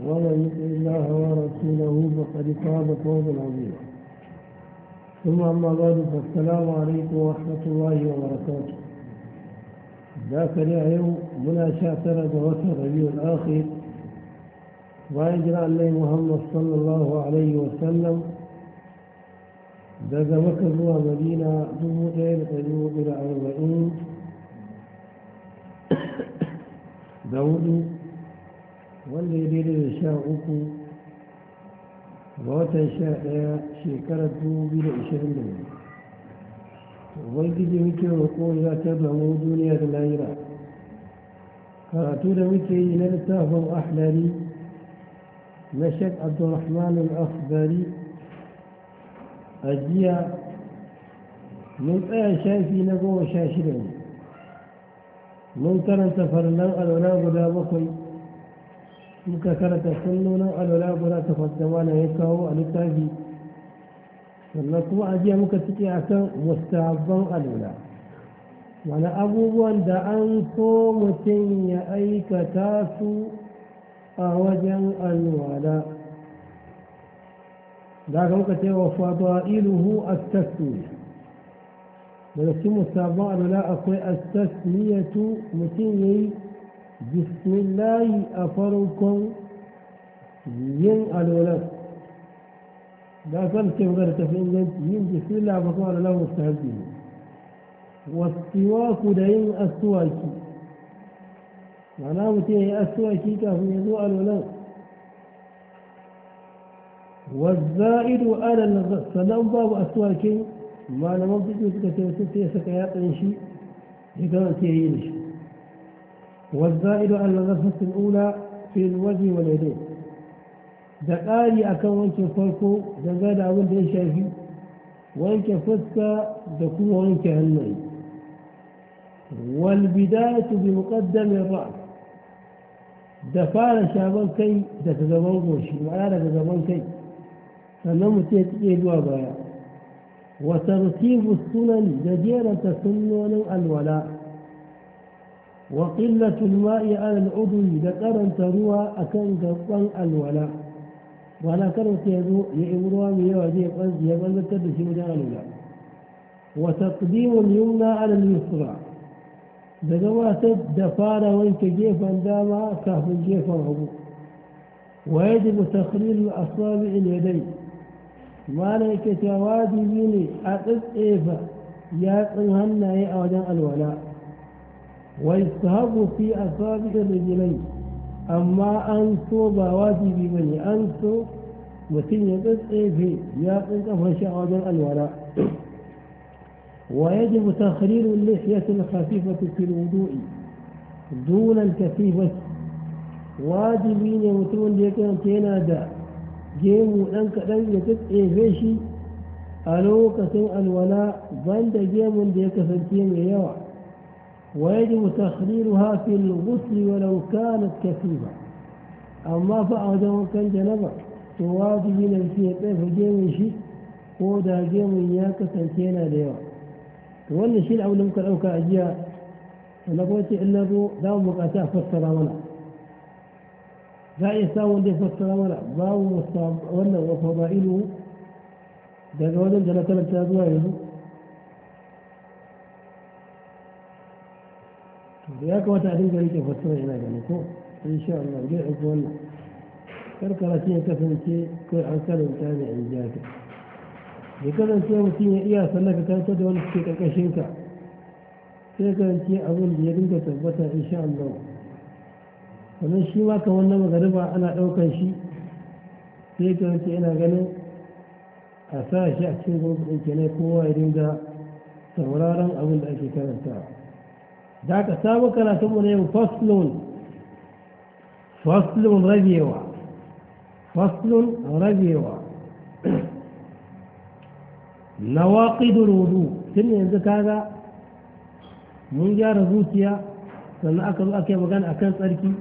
ومن يطع الله ورسوله فقد فاز فوزا عظيما ثم أما بعد فالسلام عليكم ورحمة الله وبركاته ذاك اليوم شاكر جوات الربيع الآخر واجرى الله محمد صلى الله عليه وسلم ذاك daga maka zuwa madina الى اربعين داود wanda ya daidai da sha uku ga watan sha ɗaya shekarar dubu biyu da ashirin da biyu ubangiji muke roƙo ya taɓa mu duniya da lahira karatu da muke yi na littafin ahlari na shek abdulrahman al-akhbari a jiya mun tsaya shafi na goma sha shida ne mun karanta farlan alwala guda bakwai muka karanta sunnonin alwala guda takwas da na ya kawo a littafi sannan kuma a jiya muka cike a kan mustahabban alwala wani abubuwan da an so mutum ya aikata su a wajen alwala da aka muka ce wa fatuwa iluhu a daga cikin mustahabban alwala akwai a tasiriyatu mutum ya yi bismillahi a farkon yin alolan da kan ce magana tafi inganci yin bismillah ba kuma alolan wasu haƙi ne wasiwaku da yin asuwaki mana mutum ya yi asuwaki kafin ya zo alolan wazza'idu alal sannan babu asuwakin malaman fiƙi suka ce mutum sai saka yatsan shi ya gama ke yi da shi والزائد على النفس الأولى في الوجه واليدين دقالي أكون وانك فرقو دقال أول دين شايفي وانك فسكا دكو وانك هنوي والبداية بمقدم الرأس دفال شابان كي دتزمان بوشي وعلى دتزمان كي فنمو تيتئي بايا وترتيب السنن جديرة سنن الولاء وقلة الماء على العضو أن تروى أكن قطن الولاء وأنا كرت يدو يعمرها ميوادي قلت يقل مدان مدانا وتقديم اليمنى على اليسرى بدوات الدفارة وانت جيفا داما كهف جيفا عبو ويجب تخليل الأصابع اليدين ما لك توادي أقف إيفا يا أنهن يا أوجان الولاء ويستهب في أصابع الرجلين أما أنسو بواجبي بني أنسو mutum يدس tsatsefe ya أنت shi a الوراء ويجب تخرير اللحية الخفيفة في الوضوء دون الكثيفة واجبين يمتون أن تنادى جيمو أنك لن يتبعي فيشي ألوك سوء الولاء بند جيمو لك فانتين يوى ويجب تخليلها في الغسل ولو كانت كثيرة أما فأدو كان جنبا تواجب نفسي طيف جيم شيء ودا جيم إياك سنتين ديوا ولا شيل أو لم أوكا أو كأجياء أنا قلت إلا بو دام مقاتا فسر ولا لا يساوي اللي فسر ولا باو مصاب ولا وفضائله ده قولهم ده لكلم يلو ya kamata a dinga rike fassara ina gani ko insha Allah zai aiki wannan karkara shi ya kasance kai an karanta ne in ja ka ya kasance mutum ya iya sannan ka karanta da wani suke karkashin ka sai karance abin da ya dinga tabbata in sha Allah sannan shi ma kamar na magariba ana ɗaukar shi sai karance ina ganin a sa shi a cikin gwamnati ɗin kenan kowa ya dinga sauraron abin da ake karanta. دا کتاب کلا تمونه إيه، فصل فصل رجیوا فصل رجیوا نواقض الوضوء تنه انت كاغا من جا رزوتيا سنة اكل اكيا مغان اكان تاركي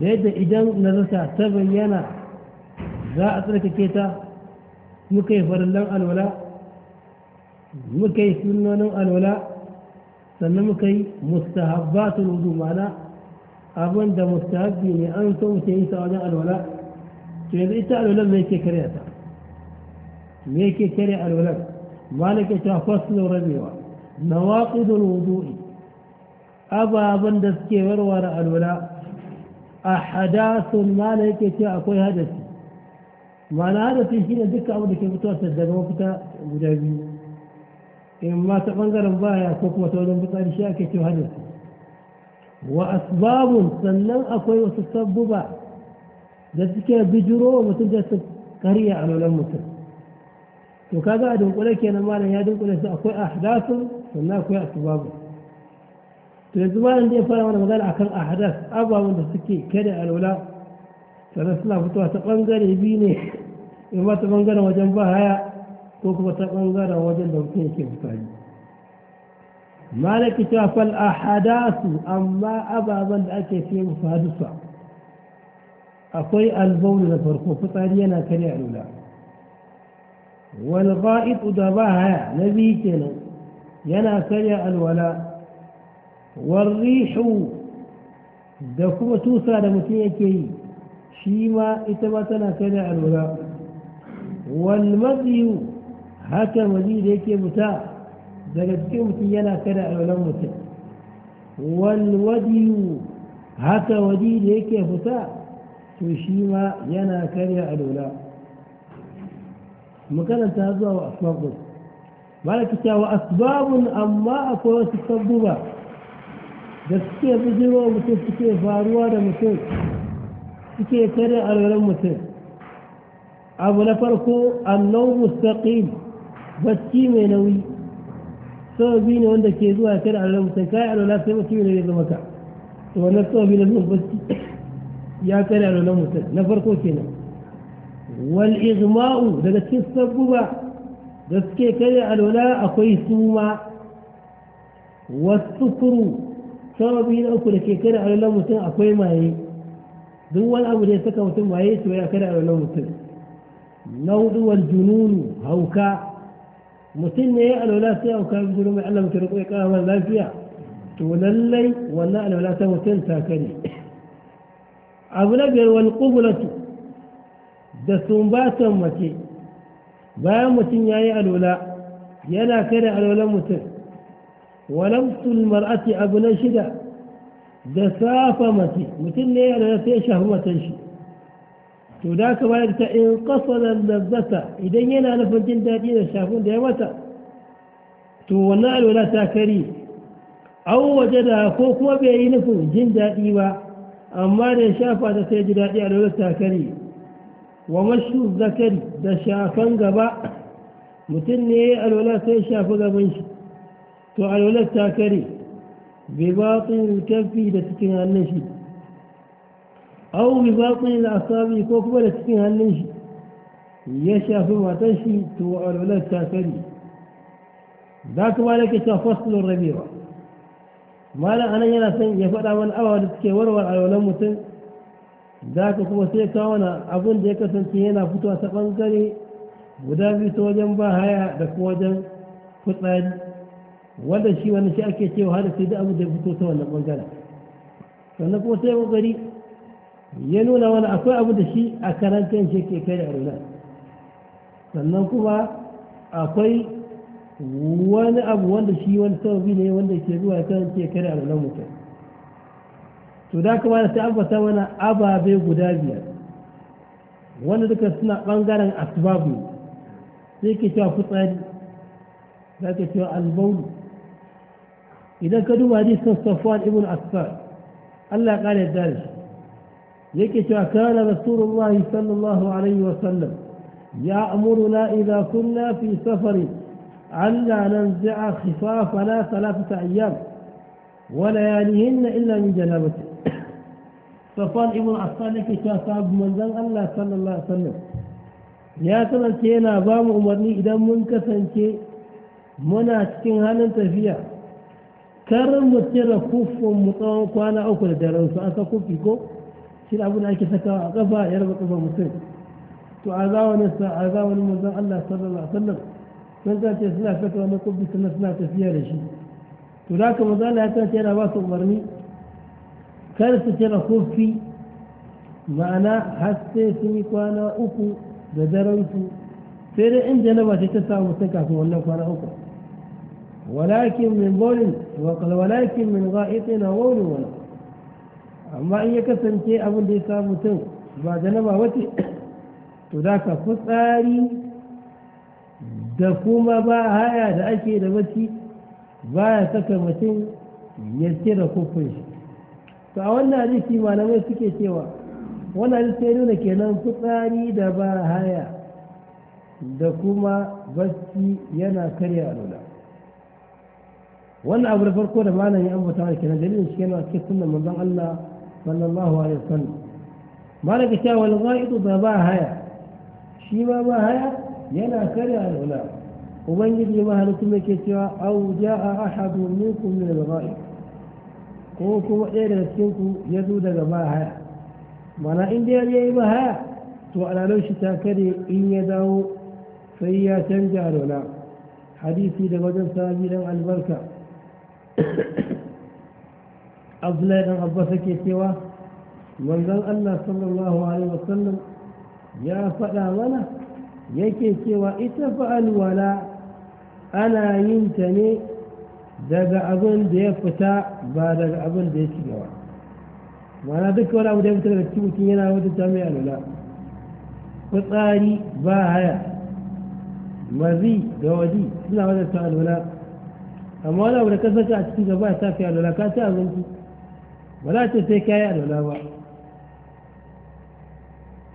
بيدا ايجان نزسا تبينا زا اترك كيتا مكي فرلان الولا مكي سنونا الولا sannan muka yi mustahabbatul wudu ma'ana abin da mustahabbi ne an so mutum yi sa wajen alwala to yanzu ita alwalar me yake karya ta me yake karya alwalar malaka ta faslo rabewa nawaqidul wudu'i ababen da suke warware alwala a hadasun mana yake cewa akwai hadasi mana hadasi shi ne duka abu da ke fito daga mafita guda biyu in ma ta bangaren baya ko kuma ta wajen fitsari shi ake cewa hadasi wa asbabun sannan akwai wasu sabbuba da suke bijiro wa mutum da su karya a mutum to kaga a dunkule kenan malam ya dunkule su akwai ahdasun sannan akwai asbabun to yanzu malam ya fara mana magana akan ahdas ababen da suke kada lula. sannan suna fitowa ta ɓangare biyu ne in ba ta bangaren wajen ba haya تقوى تقنغر وجل لهم كين كيف تعجي ما لك شاف الأحداث أما أبا من أكي في مفادسة أقوي البول نفرقه فطارينا كريع لولا والغائط دباها نبي كنا ينا كريع الولاء والريح دفوة سالة مكيكي شيما إتبتنا كريع الولاء والمضي والمضي haka mazi da yake fita daga cikin mutum yana kada alwalan mutum walwadiyu haka wadi da yake fita to shi ma yana karya dola makaranta zuwa wa asbabun ba da kita wa asbabun amma akwai wasu ba da suke bijiro mutum suke faruwa da mutum suke karya alwalan mutum abu na farko annon mustaqim bacci mai nauyi sababi ne wanda ke zuwa kira a ramusan kayan alwala sai bacci mai nauyi zama ka to wannan sababi na zuwa bacci ya kare alwala mutum na farko kenan wal izma'u daga cikin sabbuba da suke kare alwala akwai suma wasu kuru sababi na uku da ke kare alwala mutum akwai maye duk wani abu da ya saka mutum maye su ya kare alwala mutum na hudu wal jununu hauka متين يا لو لا سيا وكان يقولوا ما علمت رقيق اهوى لا سيا تولي ولا لو لا سيا متين ساكني ابو نجر والقبلة دسوم باسم متي بايا متين يا الولا يلا كرع الولا متين ولبس المرأة أبو نشدة دسافة متي متين يا لو لا سيا شهوة تنشي to da ka bayar ta in kasarar lazzata idan yana nufin jin daɗi da shafin da ya mata to wannan alwala ta kari an waje da ko kuma bai yi nufin jin daɗi ba amma da ya shafa da sai ji daɗi alwala ta kari wa mashu zakar da shafan gaba mutum ne ya alwala sai shafi gaban shi to alwala ta kari bai ba tsohon tafi da cikin hannun shi au bi baƙin al'asabi ko kuma da cikin hannun shi ya shafi matan shi to alwalar ta sani za ka ba da ke cewa fasulun rabewa malam anan yana son ya faɗa wani awa da suke warwar alwalar mutum za ka kuma sai kawo abin da ya kasance yana fitowa ta ɓangare guda biyu ta wajen ba haya da kuma wajen fitsari wanda shi wani shi ake cewa hada sai da abu da fito ta wannan ɓangaren sannan kuma sai ƙoƙari ya nuna wani akwai abu da shi a karantar shi ke kai da runa sannan kuma akwai wani abu wanda shi wani sababi ne wanda ke zuwa kan ke kai da arunan mutum to da kuma da sai ambata wani ababe guda biyar wanda duka suna bangaren asbabu sai ke cewa fitsari za ka cewa albaulu idan ka duba hadisin safwan ibn asfar Allah ya kare da shi لكي كان رسول الله صلى الله عليه وسلم يأمرنا إذا كنا في سفر ألا ننزع خفافنا ثلاثة أيام ولياليهن إلا من جنابته فقال ابن عصان لك شاساب من ذن الله صلى الله عليه وسلم يا ترى كينا بام عمرني إذا منك سنتي منا تكين هل أنت فيها كرم وتر كف ومطاوق وانا أكل دارا فأنت كفكو shi abu da ake sakawa a ƙafa ya raba kafa mutum to a wani sa a wani mazan Allah sallallahu alaihi wasallam sun ce suna saka wani kubbi sannan suna tafiya da shi to da ka mazan Allah ya ce yana ba su umarni kar su na kofi ma'ana har sai sun yi kwana uku da daren su sai dai in janaba ce ta samu mutum kafin wannan kwana uku walakin min bawlin walakin min ga'itin wa wawlin wala amma in ya kasance abin da ya sa mutum ba janaba wace to da ka fitsari da kuma ba haya da ake da bacci ba ya saka mutum ya cire kufin shi to a wannan hadisi malamai suke cewa wannan hadisi ya nuna kenan fitsari da ba haya da kuma bacci yana karya alula wannan abu da farko da malamin an bata kenan dalilin shi yana cikin sunan manzon Allah صلى الله عليه وسلم مالا كشاوة الغائط بابا هيا شي بابا هيا ينا كريا الغلاء ومن يدري ما هلتم كشاوة أو جاء أحد منكم من الغائط قوكم إيرا سينكم يدود بابا هيا مالا إن دي أليه بها توألا لوش تاكري إن يدعو فإيا تنجع الغلاء حديثي لغدن سابيرا البركة abdullahi dan abbas yake cewa manzon Allah sallallahu alaihi wasallam ya faɗa mana yake cewa ita fa wala ana yin ta ne daga abin da ya fita ba daga abin da ya shiga ba mana duk wani abu da ya fita daga cikin mutum yana wata ta mai alwala fitsari ba haya mazi da wadi suna wata ta amma wani abu da kasance a cikin gaba ya tafi alwala ka ci abinci ba za ta sai kayi alwala ba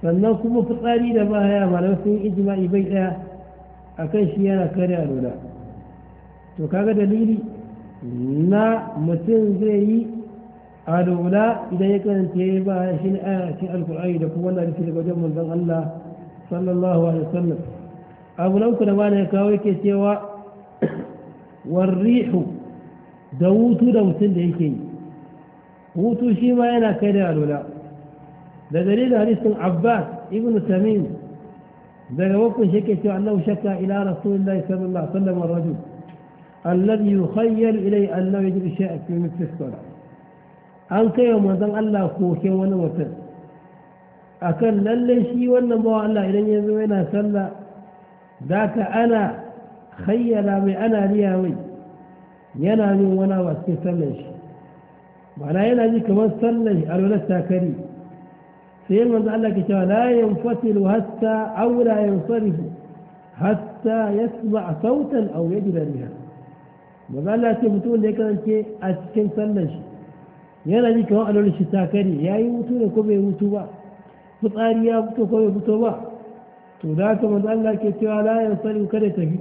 sannan kuma fitsari da ba ya malam sun ijma'i bai daya a kan shi yana kare alwala to kaga dalili na mutum zai yi alwala idan ya karanta ya ba shi ne a cikin alkur'ani da kuma wannan rufi daga wajen manzon Allah sallallahu alaihi wasallam abu nan ku da ma ya kawo yake cewa warrihu da hutu da mutum da yake yi هوتو شيما ينا كده ألولا ده دليل حديث عباس ابن تميم ده وقت شكت أنه شكى إلى رسول الله صلى الله عليه وسلم الرجل الذي يخيل إليه أنه يجري شيء في مثل الصلاة أنك يوم أن الله كوكي ونوتر أكن للي شي وأن مو الله إلي يزوينا صلى ذاك أنا خيل من أنا ليامي وانا ونوتر شيء ma'ana yana ji kamar sallan alwalar takari sai manzo Allah ke cewa la yanfatilu hatta aw la yansarifu hatta yasma' sautan aw yajida riha manzo Allah ce mutum da ya kasance a cikin sallan shi yana ji kamar alwalar shi takari yayi hutu ne ko bai hutu ba fitsari ya fito ko bai fito ba to da haka manzo Allah ke cewa la yansarifu kada tafi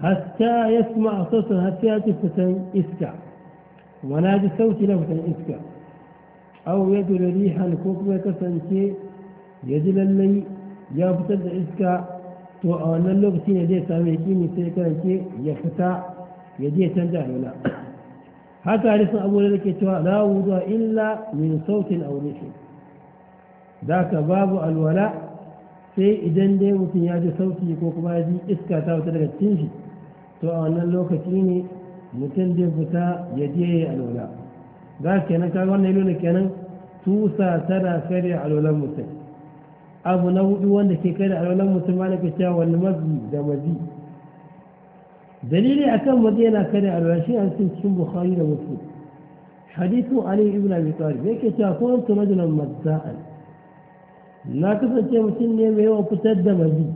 hatta yasma' sautan hatta ya fitan iska wana ji sauti na fitan iska au ya jure rihan ko kuma ya kasance ya ji lallai ya fitar da iska to a wannan lokaci ne zai samu yakini sai karance ya fita ya je canja alwala haka hadisin abu da ke cewa la wudu illa min sautin aw Da ka babu alwala sai idan dai mutum ya ji sauti ko kuma ya ji iska ta fita daga cikin shi to a wannan lokaci ne mutum zai fita ya je ya yi alwala ga kenan kawai wannan nuna kenan tusa tana karya alolan mutum abu na hudu wanda ke karya alolan mutum ma ka cewa wani mazi da mazi dalili akan mazi yana karya alolan shi an cin cikin bukhari da mutu. hadithu ali ibn abi talib yake cewa kuntu rajulan mazza'an na kasance mutum ne mai yawan fitar da mazi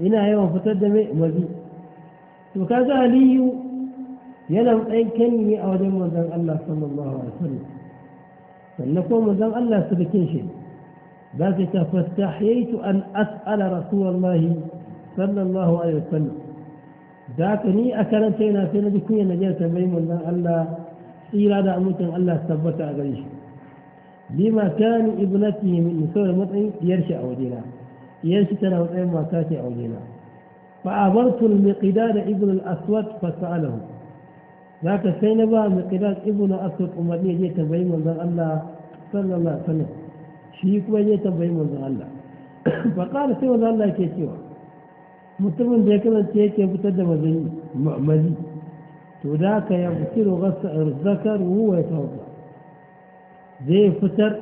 ina yawan fitar da mazi to kaga aliyu ينم أي كلمة أودم وزن الله صلى الله عليه وسلم فلنقوم وزن الله شيء ذات فاستحييت أن أسأل رسول الله صلى الله عليه وسلم ذاتني أكرتينا في نجكوية نجاية ميم الله الله إيراد أموت الله سبت أغريش بما كان ابنته من نسور مطعم يرشع ودينا يرشع ودينا ودينا فعبرت المقدار ابن الأسود فسأله za ka sai na ba miqdad ibn asad zai ta tambayi manzan Allah sallallahu alaihi wasallam shi kuma ta tambayi manzan Allah ba qala sai wanda Allah ke cewa mutumin da ya kasance yake fitar da mazani ma'amali to da ka ya fitiru zakar huwa ya tawba zai fitar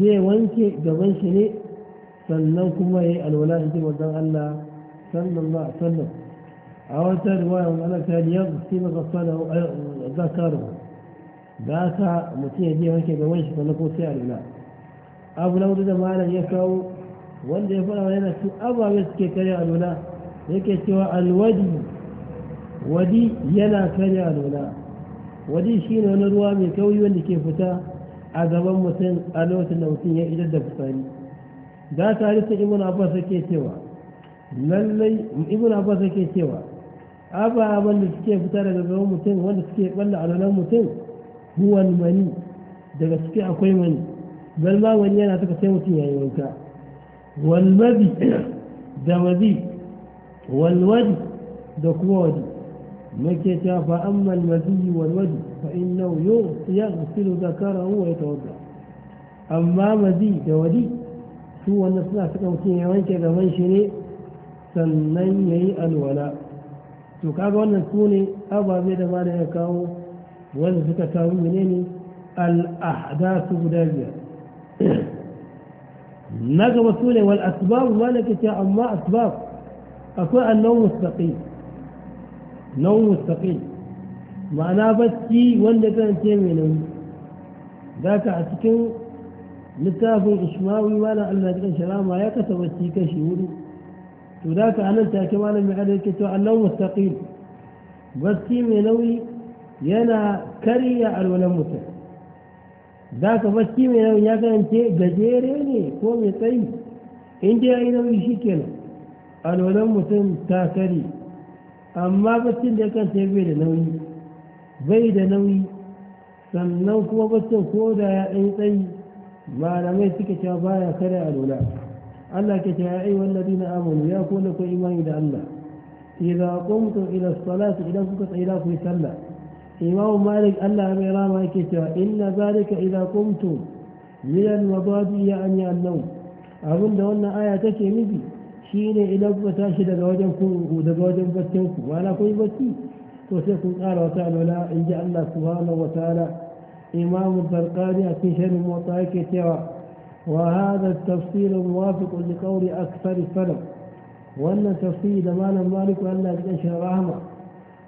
zai wanke gaban shi ne sannan kuma ya yi alwala shi manzan Allah sallallahu alaihi wasallam أو أنت رواية وملكة اليض سيما غصانه ذكره باسع متيه ديه هكي بوجه فنكو سعر لا أبو لو رضا معنا يكاو والذي يفعل أنا سوء أبا يسكي كريا لنا يكي سوى الودي ودي ينا كريا لنا ودي شين ونروا من كوي واللي كيفتا عذابا مثل ألوت النوتين إلى الدفتاني ذات عرفت إمون عباسة كي سوى للي إمون عباسة كي سوى ababen da suke fita daga gaban mutum wanda suke balla alwalan mutum huwan mani daga suke akwai mani bal ma wani yana suka sai mutum yayi wanka wal mazi da mazi wal wadi da kuma wadi muke cewa fa amma al mazi wal wadi fa innahu yughsilu zakarahu wa yatawadda amma mazi da wadi su wannan suna suka mutum ya wanke gaban shi ne sannan yayi alwala to kaga wannan sune ababe da mana ya kawo wanda suka kawo menene al-ahdathu budaliya naga gaba su wal asbab ma na kace amma asbab akwai annaw mustaqim naw mustaqim ma'ana bacci wanda kan ce menene nauyi zaka a cikin littafin ismawi wala Allah ya kan sharama ya kasa bacci kashi hudu to da ka anan take malam mai adai ke to Allah mustaqim bacci mai nauyi yana karya alwalan mutum da ka bacci mai nauyi ya kasance gajere ne ko mai tsayi in dai yayi nauyi shikenan alwalan mutum ta kare amma baccin da ya kasance bai da nauyi bai da nauyi sannan kuma baccin ko da ya ɗan tsayi malamai suka cewa baya kare alwala الله أيها الذين آمنوا يقول لكم إيمان إلى الله إذا قمتم إلى الصلاة إذا كنت إلى صلاة إمام مالك الله أميرام كتائي إن ذلك إذا قمتم من المضاد يعني النوم أظن أن آية تكيمي شين إلى بتاشد دواجنكم ودواجن بتنكم ولا كوي بتي وسيكون قال وتعالى لا إن جعل الله سبحانه وتعالى إمام الفرقان أتشهر موطاك كتائي وهذا التفصيل موافق لقول أكثر السلف وأن تفصيل مال مالك وأن لا تنشر رحمة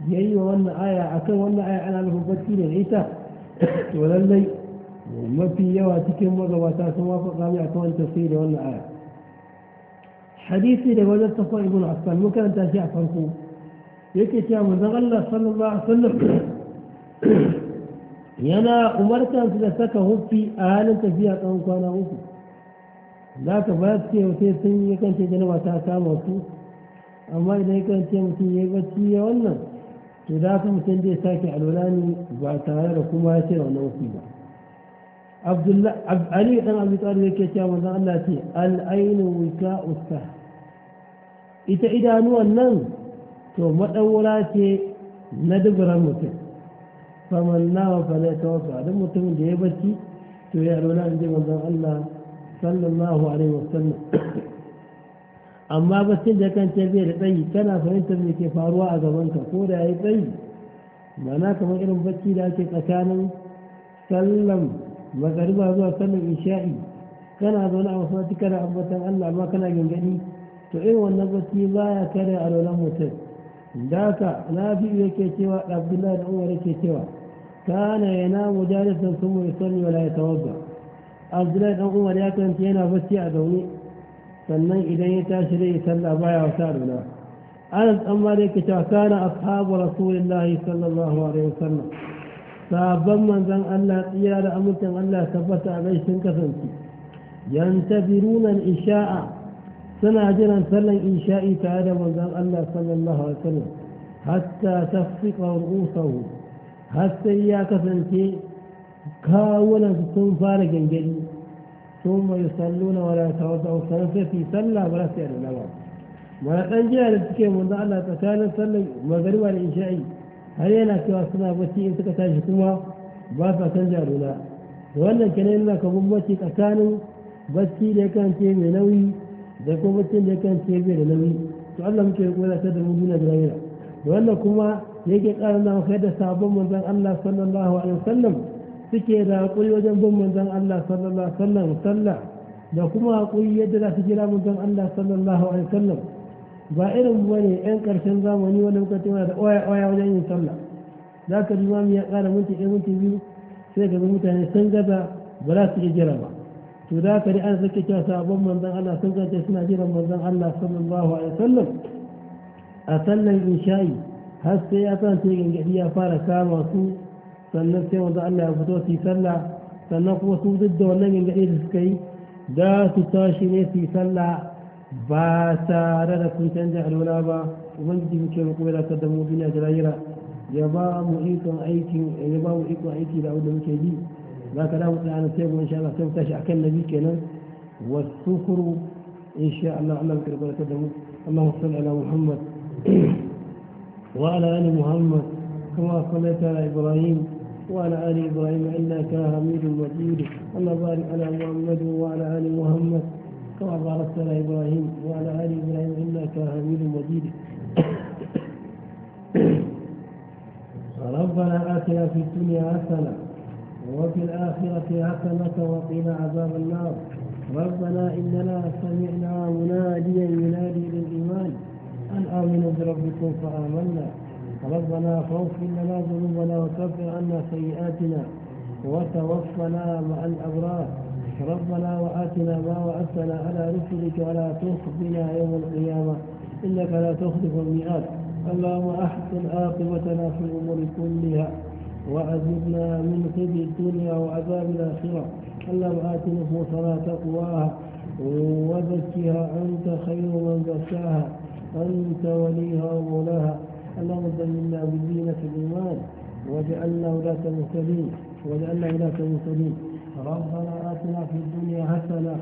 جي يعني وأن آية أكم وأن آية على المفكين العيسى وللي ما في يواتك مرة واتاك موافق لم يعطون تفصيل وأن آية حديثي لهذا التفصيل ابن عسان ممكن أن تأشيع فرقه يكي من نغلى صلى الله عليه وسلم yana umartan su da saka hufi a halin tafiya tsawon kwana uku za ka ba su cewa sai sun yi kan ce ta kama su amma idan yakan ce mutum ya yi bacci ya wannan to za ka mutum zai sake alwala ne ba tare da kuma ya ce wannan hufi ba Ali dan abu tsari yake cewa manzon Allah ce al'ainu wika usta ita idanuwan nan to maɗaura ce na dubaran mutum faman nawa fa ne ta A duk mutumin da ya barci, to ya rola in ji manzon Allah sallallahu alaihi sallam amma baccin da kan ce da tsayi kana fahimtar me ke faruwa a gaban ka. ko da yayi tsayi mana kamar irin bacci da ake tsakanin sallan magariba zuwa sallam isha'i kana zaune a wasu kana ambatan Allah amma kana gangani to irin wannan bacci baya kare a rolan mutum da ka, na yake cewa abdullahi da umar yake cewa كان ينام جالسا ثم يصلي ولا يتوضا أزلت أن أمر يأكل أنت هنا بس يأذوني فنن إذا يتاشري يسلى بايا وسالنا أنت أمريك كان أصحاب رسول الله صلى الله عليه وسلم فبمن ان الله يا لأمرك أن الله ثبت عليه سنك ينتظرون الإشاء سنة جنا سلن إنشاء تعالى من ان الله صلى الله عليه وسلم حتى تفق رؤوسه har sai ya kasance kawunan sun fara gangani sun mai salluna wala tawadda wata sai fi salla ba yi da ba wani ɗan jiya da suke manzo Allah tsakanin sallar magariba da isha'i har yana cewa suna bacci in suka tashi kuma ba sa canja rula da wannan kene yana ka bambaci tsakanin bacci da ya kance mai nauyi da kuma baccin da ya kance bai da nauyi to Allah muke kula ta da mu da lahira da wannan kuma yake ƙarna kai da sabon manzon Allah sallallahu alaihi wasallam suke da haƙuri wajen bin manzon Allah sallallahu alaihi wasallam sallah da kuma haƙuri yadda za su jira manzon Allah sallallahu alaihi wasallam ba irin bane ɗan ƙarshen zamani wani lokaci yana da oya oya wajen yin sallah za ka ji ya ƙara minti ɗaya minti biyu sai ka ga mutane sun gaza ba za su iya jira ba to da ka an sake cewa sabon manzon Allah sun gaza suna jiran manzon Allah sallallahu alaihi wasallam a sallan insha'i هسه يا كان تيجي قديا فارا كام وسو سنن سيم ودا الله فتو سي سلا سنن قوسو ضد ونن قديا سكي دا تتاشي ني سي سلا با سارا ركن تنجا الولا با ومن دي مكي مقبلة قدمو بنا جلايرا يبا محيط ايكي يبا محيط ايكي لا ودا مكي دي ما كلامه تعالى نسيبه ان شاء الله سيم تاشي اكل نبي كينا والسكر ان شاء الله على الكربلاء قدمو اللهم صل على محمد Thank you. وعلى آل محمد كما صليت على إبراهيم وعلى آل إبراهيم إنك حميد مجيد اللهم بارك على محمد وعلى آل محمد كما باركت على إبراهيم وعلى آل إبراهيم إنك حميد مجيد ربنا آتنا في الدنيا حسنة وفي الآخرة حسنة وقنا عذاب النار ربنا إننا سمعنا مناديا ينادي للإيمان أن آمنوا بربكم فآمنا ربنا فاغفر لنا ذنوبنا وكفر عنا سيئاتنا وتوفنا مع الأبرار ربنا وآتنا ما وعدتنا على رسلك ولا تخزنا يوم القيامة إنك لا تخلف الميعاد اللهم أحسن عاقبتنا في الأمور كلها وأجبنا من خزي الدنيا وعذاب الآخرة اللهم آت نفوسنا تقواها وزكها أنت خير من زكاها أنت وليها ومولاها اللهم زينا بدينك الإيمان واجعلنا ولاة مهتدين واجعلنا ولاة مهتدين ربنا آتنا في الدنيا حسنة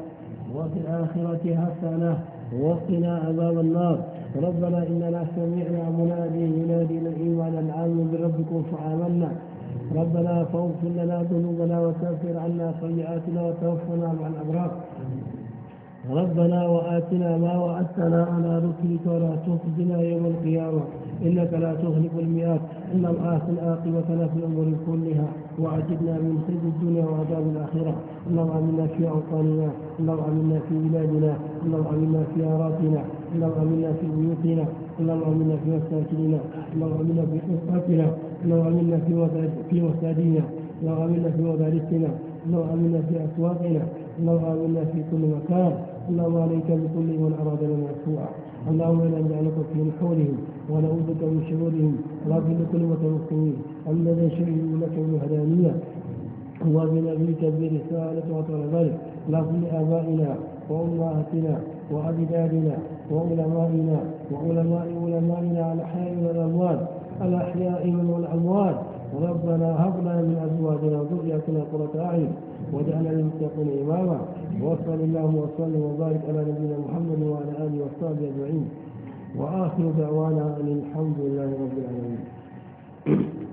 وفي الآخرة حسنة وقنا عذاب النار ربنا إننا سمعنا منادي ينادي للإيمان العام بربكم فآمنا ربنا فاغفر لنا ذنوبنا وكفر عنا سيئاتنا وتوفنا مع الأبرار ربنا وآتنا ما وعدتنا على رسلك ولا تخزنا يوم القيامة إنك لا تخلف المئات إن الآخر في العاقبة في الأمور كلها وعجبنا من خزي الدنيا وعذاب الآخرة اللهم آمنا في أوطاننا اللهم آمنا في بلادنا اللهم آمنا في أراضينا اللهم آمنا في بيوتنا اللهم آمنا في مساكننا اللهم آمنا في أسرتنا اللهم آمنا في مساجدنا اللهم آمنا في مدارسنا اللهم آمنا في أسواقنا اللهم آمنا في كل مكان اللهم عليك بكل من أرادنا مرفوعا اللهم إنا نجعلك من حولهم ونعوذ بك من شرورهم رب كلمة المسلمين الذي شهدوا لك بالهدانية وبنبيك برسالة وطول ذلك لهم لآبائنا وأمهاتنا وأجدادنا وعلمائنا وعلماء علمائنا على الأحياء والأموات الأحياء والأموات ربنا هب لنا من أزواجنا وذرياتنا قرة أعين واجعلنا للمتقين إماما وصل اللهم وسلم وبارك على نبينا محمد وعلى آله وصحبه أجمعين وآخر دعوانا أن الحمد لله رب العالمين